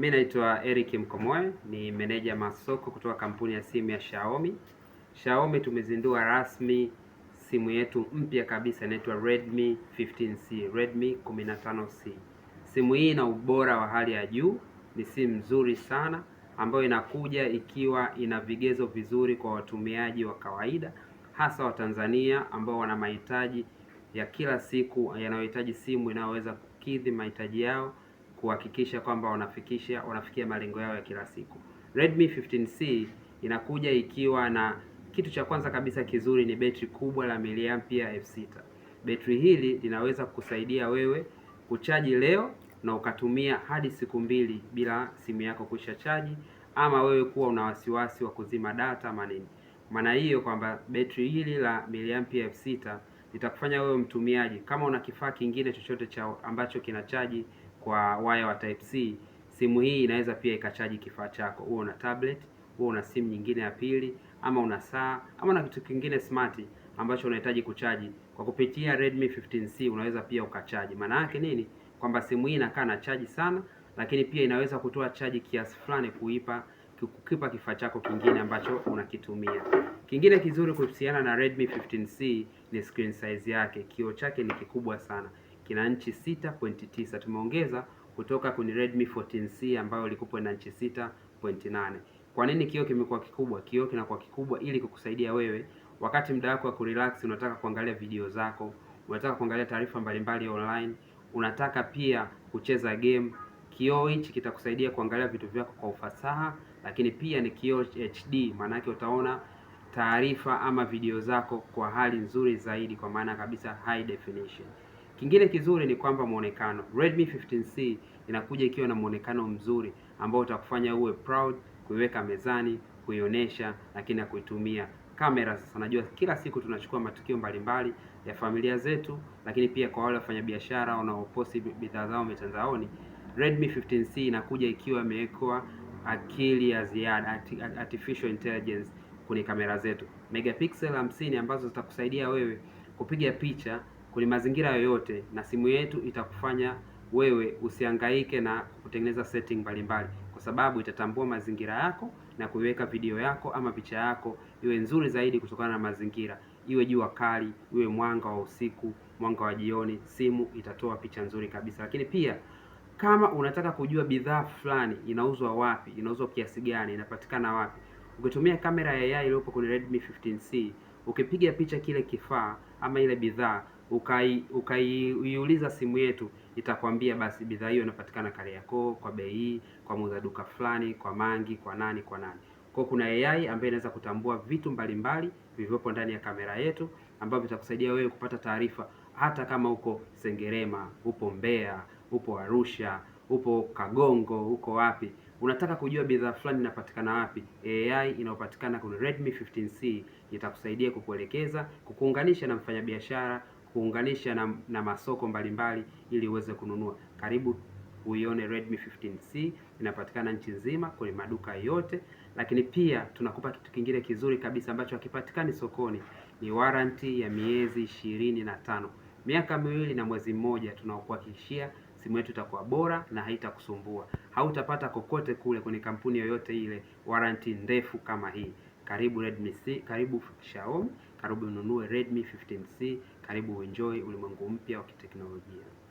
Mimi naitwa Eric Mkomoe, ni meneja masoko kutoka kampuni ya simu ya Xiaomi. Xiaomi tumezindua rasmi simu yetu mpya kabisa inaitwa Redmi 15C, Redmi 15C. Simu hii ina ubora wa hali ya juu, ni simu nzuri sana ambayo inakuja ikiwa ina vigezo vizuri kwa watumiaji wa kawaida, hasa Watanzania ambao wana mahitaji ya kila siku yanayohitaji simu inayoweza kukidhi mahitaji yao kuhakikisha kwamba wanafikisha wanafikia malengo yao ya kila siku. Redmi 15C inakuja ikiwa na kitu cha kwanza kabisa kizuri ni betri kubwa la miliampia elfu sita. Betri hili linaweza kusaidia wewe kuchaji leo na ukatumia hadi siku mbili bila simu yako kuisha chaji ama wewe kuwa una wasiwasi wa kuzima data manini. Maana hiyo kwamba betri hili la miliampia elfu sita litakufanya wewe mtumiaji, kama una kifaa kingine chochote cha ambacho kinachaji kwa waya wa type C, simu hii inaweza pia ikachaji kifaa chako. uwe una tablet, huo una simu nyingine ya pili, ama una saa ama na kitu kingine smart ambacho unahitaji kuchaji. Kwa kupitia Redmi 15C unaweza pia ukachaji. Maana yake nini? Kwamba simu hii inakaa na chaji sana, lakini pia inaweza kutoa chaji kiasi fulani kuipa kukipa kifaa chako kingine ambacho unakitumia. Kingine kizuri kuhusiana na Redmi 15C ni screen size yake, kioo chake ni kikubwa sana kina nchi 6.9. Tumeongeza kutoka kwenye Redmi 14C ambayo ilikuwa na nchi 6.8. Kwa nini kioo kimekuwa kikubwa? Kioo kinakuwa kikubwa ili kukusaidia wewe wakati muda wako wa kurelax, unataka kuangalia video zako, unataka kuangalia taarifa mbalimbali online, unataka pia kucheza game. Kioo hichi kitakusaidia kuangalia vitu vyako kwa ufasaha, lakini pia ni kioo HD, maana yake utaona taarifa ama video zako kwa hali nzuri zaidi, kwa maana kabisa high definition. Kingine kizuri ni kwamba muonekano, Redmi 15C inakuja ikiwa na muonekano mzuri ambao utakufanya uwe proud kuiweka mezani, kuionyesha, lakini na kuitumia kamera. Sasa najua kila siku tunachukua matukio mbalimbali ya familia zetu, lakini pia kwa wale wafanyabiashara wanaoposti bidhaa zao mitandaoni, Redmi 15C inakuja ikiwa imewekwa akili ya ziada, artificial intelligence kwenye kamera zetu, megapixel 50 ambazo zitakusaidia wewe kupiga picha kwenye mazingira yoyote, na simu yetu itakufanya wewe usihangaike na kutengeneza setting mbalimbali, kwa sababu itatambua mazingira yako na kuiweka video yako ama picha yako iwe nzuri zaidi kutokana na mazingira, iwe jua kali, iwe mwanga wa usiku, mwanga wa jioni, simu itatoa picha nzuri kabisa. Lakini pia kama unataka kujua bidhaa fulani inauzwa wapi, inauzwa kiasi gani, inapatikana wapi, ukitumia kamera ya AI iliyopo kwenye Redmi 15C, ukipiga picha kile kifaa ama ile bidhaa ukaiuliza ukai, simu yetu itakwambia basi bidhaa hiyo inapatikana Kariakoo kwa bei hii, kwa muuza duka fulani, kwa mangi, kwa nani, kwa nani. Kwa kuna AI ambaye inaweza kutambua vitu mbalimbali vilivyopo ndani ya kamera yetu ambavyo vitakusaidia wewe kupata taarifa hata kama uko Sengerema, upo Mbeya, upo Arusha, upo Kagongo, uko wapi, unataka kujua bidhaa fulani inapatikana wapi, AI inayopatikana kwenye Redmi 15C itakusaidia kukuelekeza, kukuunganisha na mfanyabiashara kuunganisha na, na masoko mbalimbali ili uweze kununua. Karibu uione Redmi 15C, inapatikana nchi nzima kwenye maduka yote, lakini pia tunakupa kitu kingine kizuri kabisa ambacho hakipatikani sokoni, ni warranty ya miezi ishirini na tano, miaka miwili na mwezi mmoja. Tunakuhakikishia simu yetu itakuwa bora na haitakusumbua. Hautapata kokote kule kwenye kampuni yoyote ile warranty ndefu kama hii. Karibu Redmi C, karibu Xiaomi, karibu nunue Redmi 15C. Karibu uenjoy ulimwengu mpya wa kiteknolojia.